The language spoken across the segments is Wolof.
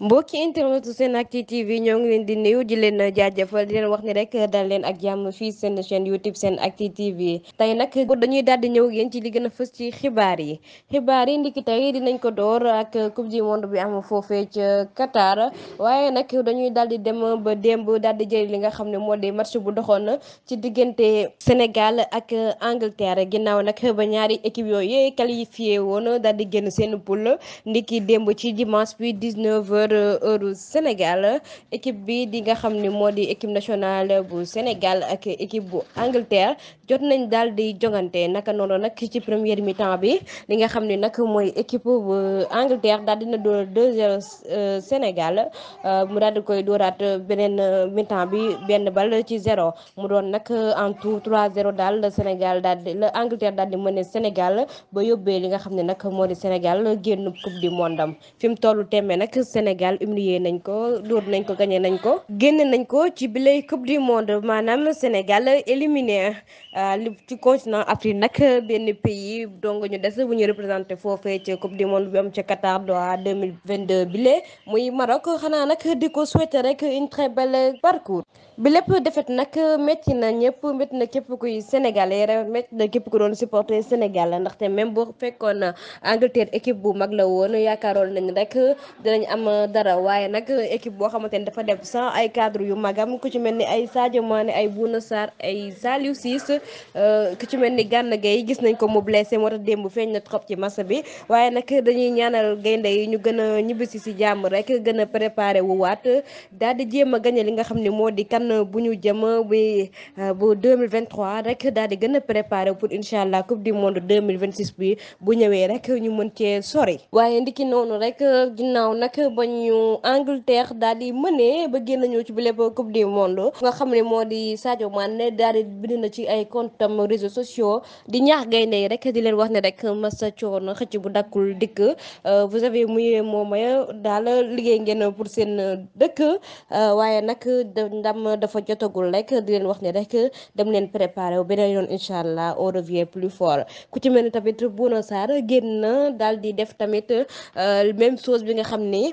mbokki internet SENactu TV ñoo ngi leen di nuyu di leen jaajëfal di leen wax ni rek dal leen ak jàmm fii seen chaîne YouTube SENactu TV tey nag dañuy daal di ñëw yéen ci li gën a fës ci xibaar yi xibaar yi ndiki tey dinañ ko door ak coupe du monde bi am foofee ca Qatar waaye nag dañuy daal di dem ba démb daal di jël li nga xam ne moo di match bu doxoon ci diggante Sénégal ak Angleterre ginnaaw nag ba ñaari équipe yooyu qualifié woon daal di génn seen poule heure heure Sénégal équipe bi di nga xam ni moo di équipe nationale bu Sénégal ak équipe bu Angleterre jot nañ daal di jongante naka noonu nag ci première mi bi li nga xam ne nag mooy équipe bu Angleterre daal dina door 2-0 euh, Sénégal euh, mu daal di koy dooraat beneen mi-temps bi benn bal ci zéro mu doon nag en tout 3-0 daal la Sénégal daal di la Angleterre daal di mëne Sénégal ba yóbbee li nga xam ne nag moo di Sénégal génn coupe du monde am fi mu tollu temme nag Sénégal umilier nañ ko dóor nañ ko gagné nañ ko génn nañ ko ci bile coupe du monde maanaam Sénégal éliminé. Euh, ci continent Afrique nag benn pays dong ñu des bu ñu représenté foofee ci coupe du monde bi am ci Qatar Doha 2022 bi lee muy Maroc xanaa nag di ko souhaiter rek une très belle parcours bi lépp defet nag métti na ñëpp métti na képp kuy sénégalais rek métti na képp ku doon supporter Sénégal ndaxte même bu fekkoon Angleterre équipe bu mag la woon yaakaaroon nañ rek danañ am dara waaye nag équipe boo xamante ni dafa def sans ay cadre yu magam ku ci mel ni ay Sadio Mané ay Bouna Sarr ay Saliou Ciss Euh, ku ci mel ni Gana Gueye gis nañ ko mu blessé moo tax démb feeñ na trop ci match bi waaye nag dañuy ñaanal gaynde yi ñu gën a ñibbisi si jàmm rek gën a préparé wu waat daal di jéem a gagné li nga xam ne moo di kan bu ñu jëm bi euh, bu 2023 rek daal di gën a préparé pour incha allah coupe du monde 2026 bi bu ñëwee rek ñu mën cee sori. waaye ndiki noonu rek ginnaaw nag ba ñu Angleterre daal di mënee ba génn ñëw ci bi lépp coupe du monde nga xam ne moo di Sadio Mané daal bind na ci ay. compte am réseaux sociaux di ñaax gaynde yi rek di leen wax ne rek masa coono xëcc bu dakkul dikk euh, vous avez muy moomay daal liggéey ngeen pour seen dëkk euh, waaye nag ndam dafa jotagul rek di leen wax ne rek dem leen préparé wu beneen yoon incha allah on revient plus fort ku ci mel ni tamit Bouna Sarr génn na daal di def tamit euh, même chose bi nga xam ni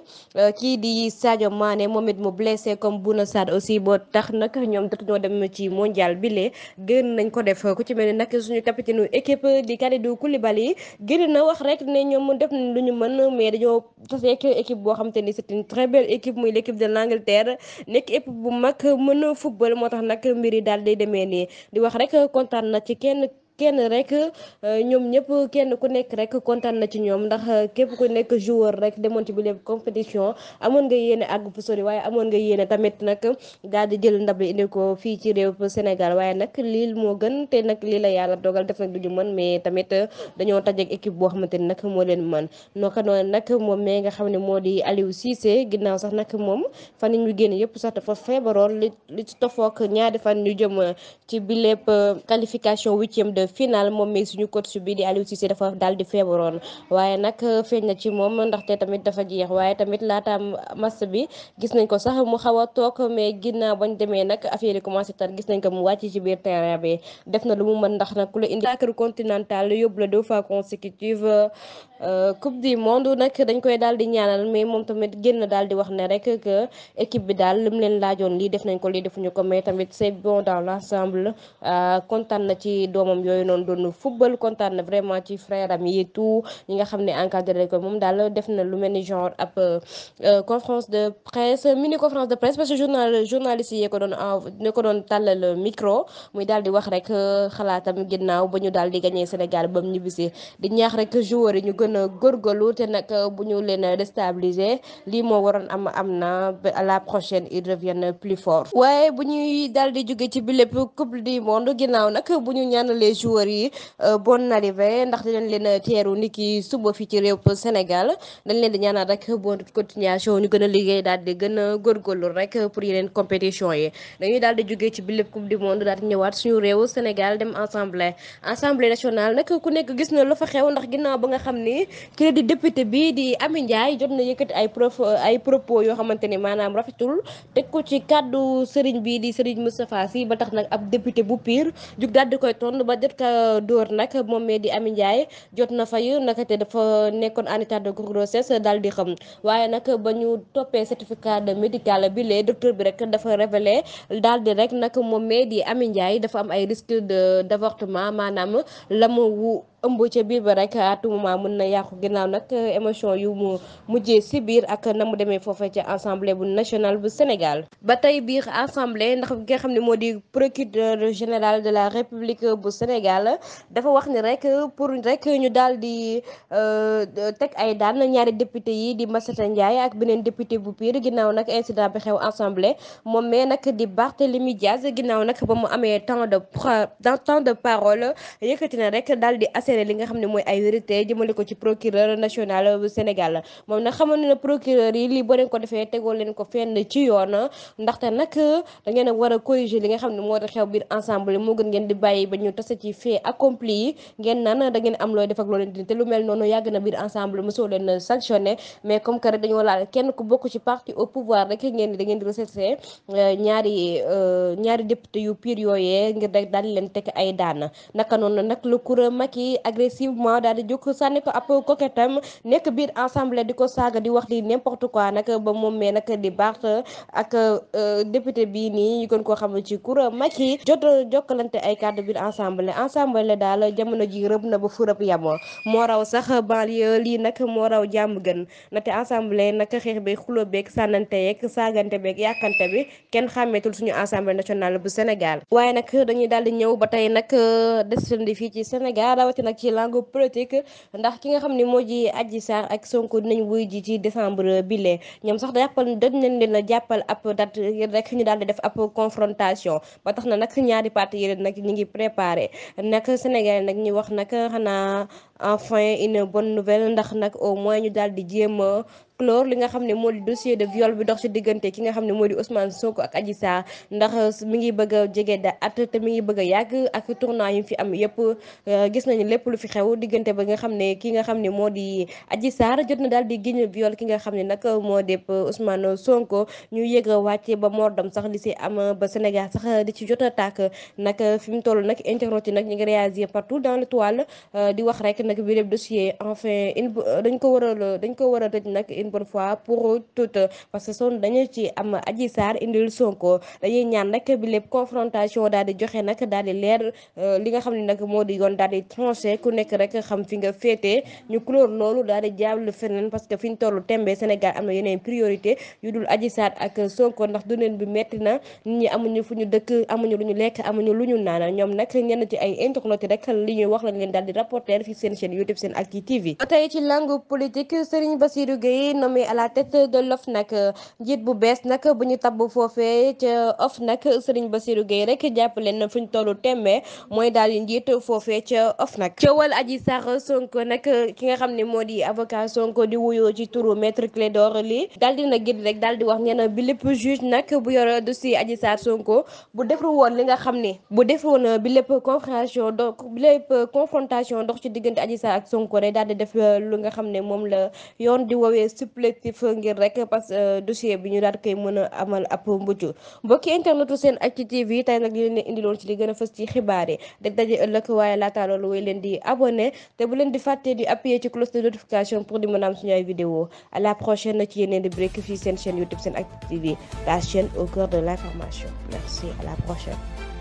kii di Sadio Mané moom it mu blessé comme Bouna Sarr aussi boo tax nag ñoom dootuñoo dem ci mondial bi lee génn nañ ko def ku ci mel ni nag suñu capitaine équipe di Kalidou Koulibaly génn na wax rek ne ñoom def nañ lu ñu mën mais dañoo taseek équipe boo xam te ni c'est une très belle équipe muy l'équipe de l'Angleterre nekk équipe bu mag mën football moo tax nag mbir yi daal di demee nii di wax rek kontaan na ci kenn. kenn rek euh, ñoom ñëpp kenn ku nekk rek kontaan na ci ñoom ndax euh, képp ku nekk joueur rek demoon ci bi lépp compétition amoon nga yéene àgg fu waaye amoon nga yéene tamit nag daal di jël ndab li indi ko fii ci réew Sénégal waaye nag lii moo gën te nag lii la yàlla dogal def nag du ñu man mais tamit euh, dañoo tajeeg équipe boo xamante ni nag moo leen man noo noonu nag moom mais nga xam ne moo di Aliou Cissé ginnaaw sax nag moom fan ni ñu génn yëpp sax dafa feebaroon li ci tofook ñaari fan ñu jëm ci bi final moom mi suñu coach bi di Aliou Cissé dafa daal di feebaroon waaye nag euh, feeñ na ci moom ndaxte tamit dafa jeex waaye tamit laata match bi gis nañ ko sax mu xaw a toog mais ginnaaw bañ demee nag affaire yi commencé tar gis nañ ko mu wàcc ci biir terrain bi def na lu mu mën ndax nag ku la indi sacre continental yóbbu la deux fois consécutive euh, coupe dañ koy daal di ñaanal mais moom tamit génn daal di wax ne rek bi daal li mu leen laajoon lii def nañ ko lii defuñu ko mais tamit c'est bon dans l'ensemble euh, kontaan na ci doomam yooyu yooyu noonu doon football kontaan na vraiment ci frère am yi tout ñi nga xam ne encadré ko moom daal def na lu mel ni genre ab euh, euh, conférence de presse mini conférence de presse parce que journal journaliste ko doon ne ko doon tàllal micro muy daal di wax euh, ginnaaw ba ñu daal di gagné Sénégal ba mu ñibbisi di ñaax rek joueurs yi ñu gën a góorgóorlu te nag bu ñu leen déstabiliser lii moo waroon am am na la prochaine ils reviennent plus fort waaye bu ñuy daal di jóge ci bi lépp coupe du bu ñu ñaanalee joueurs yi euh, bonne arrivée ndax dinañ leen euh, teeru ni ki suba fi ci réew Sénégal dañ leen di ñaanal rek euh, bonne continuation ñu gën a liggéey daal di gën a góorgóorlu rek pour yeneen compétition yi dañuy daal jógee ci bi coupe du monde daal ñëwaat suñu réew Sénégal dem assemblée assemblée nationale nag ku nekk gis na lu fa xew ndax ginnaaw ba nga xam ni kii di député bi di Amy Ndiaye jot na yëkkati ay prof ay propos yoo xamante maanaam rafetul teg ko ci kàddu bi di sëriñ Moustapha Sy ba tax ka door nag moom mee di Amy Ndiaye jot na fayu nakate dafa nekkoon en état de grossesse daal di xam waaye nag ba ñu toppee certificat de médical bi lee docteur bi rek dafa révélé daal di rek nag moom mee di Amy Ndiaye dafa am ay risque de d' maanaam la mu ëmb ca biir ba rek à tout moment mën na yàqu ginnaaw nag euh, émotion yu mu mujjee si ak na mu demee foofa ca assemblée bu nationale bu Sénégal ba tey biir assemblée ndax ki nga xam ne moo di procureur général de la république bu Sénégal dafa wax ni rek euh, pour rek ñu dal di euh, teg ay daan ñaari député yi di Massata Ndiaye ak beneen député bu Pire ginnaaw nag incident bi xew assemblée moom mais nag di Barthélémy Diaz ginnaaw nag ba mu amee temps de parole yëkkati na li nga xam ne mooy ay vérité jëmale ko ci procureur national bu Sénégal moom nag xamoon na procureur yi lii boo leen ko defee tegoo leen ko fenn ci yoon ndaxte nag da ngeen a war a corriger li nga xam ne moo tax xew biir ensemble moo gën ngeen di bàyyi ba ñu tase ci fait accompli yi ngeen naan da ngeen am looy def ak loo leen di te lu mel noonu yàgg na biir ensemble mosoo leen sanctionné mais comme que rek dañoo laal kenn ku bokk ci parti au pouvoir da yi agressivement daal di jóg sànni ko nekk biir assemblée di ko saaga di wax di n'importe quoi nag ba moom mee nag di baax ak euh, député bii nii ñu gën koo xam ci kur Macky jot jokkalante ay kàddu biir assemblée assemblée daal jamono ji rëb na ba fu rëb yamoo moo raw sax banlieue lii nag moo raw jàmm gën nate assemblée nag xeex bi xulo beeg sànnante yeeg saagante beeg yàkkante bi kenn xàmmeetul suñu assemblée nationale bu Sénégal waaye nag dañuy nag ci langue politique ndax ki nga xam ne moo ji Adji Sarr ak Sonko dinañ wuy ji ci décembre bile ñoom sax jàppal dañ leen leen a jàppal ab date rek ñu daal di def ab confrontation ba tax na nag ñaari parti yi nag ñu ngi préparé nag Sénégal nag ñu wax nag xanaa enfin une bonne nouvelle ndax nag au moins ñu daal di jéem clore li nga xam ne moo di dossier de viol bi dox ci diggante ki nga xam ne moo di Ousmane Sonko ak Adji Sarr ndax mi ngi bëgg jege da at te mi ngi bëgg yàgg ak tournant yi fi am yëpp euh, gis nañu lépp lu fi xew diggante ba nga xam ne ki nga xam ne moo di Adji Sarr jot na daal di génn viol ki nga xam ne nag moo di Ousmane Sonko ñu yëg a wàcce ba mordam sax di si am ba Sénégal sax di ci jot a tàkk nag euh, fi mu toll nag internet yi nag ñu ngi réagir partout dans le l'étoile euh, di wax rek nag bi lépp dossier enfin dañ ko war dañ ko war a tëj nag une bonne fois pour toutes parce que son dañu ci am Adji Sarr indil Sonko dañuy ñaan nag bi lépp confrontation daal di joxe nag daal di leer euh, li nga xam ni nag moo di yoon daal di ku nekk rek xam fi nga féetee ñu clore loolu daal di jaablu feneen parce que fi ñu toll tembe Sénégal am na yeneen priorité yu dul Adji Sarr ak Sonko ndax duneen bi metti na ñi amuñu fu ñu dëkk amuñu lu ñu lekk amuñu lu ñu naan ñoom nag ñenn ci ay internet rek li ñuy wax lañ leen daal di rapporter fi seen chaîne YouTube SENactu TV tey ci langue nommé à la tête de l'OFNAC njiit bu bees nag bu ñu tabb foofee ca OFNAC Serigne Bassirou Gueye rek jàpp leen fu ñu tollu temme mooy daal di njiit foofee ca OFNAC coowal Adji Sarr Sonko nag ki nga xam ne moo di avocat di wuyoo ci turu maître Clédor Ly daal di na gid rek daal di wax nee bi lépp juge nag bu yor dossier Adji Sarr Sonko bu defru li nga xam ne bu defru woon bi lépp confrontation donc bi lépp confrontation moom la yoon di woowee supplétif ngir rek parce euh, que dossier bi ñu daal koy mën a amal ab mbucc mbokki internetu seen actu tv nag ñu leen di indiloon ci li gën a fës ci xibaar yi dag daje ëllëg waaye laataa loolu way leen di abonné te bu leen di fàtte di appuyer ci cloche de notification pour di mën a am suñu ay vidéo à la prochaine ci yeneen di break fii seen chaîne youtube seen actu tv la au cœur de l'information merci à la prochaine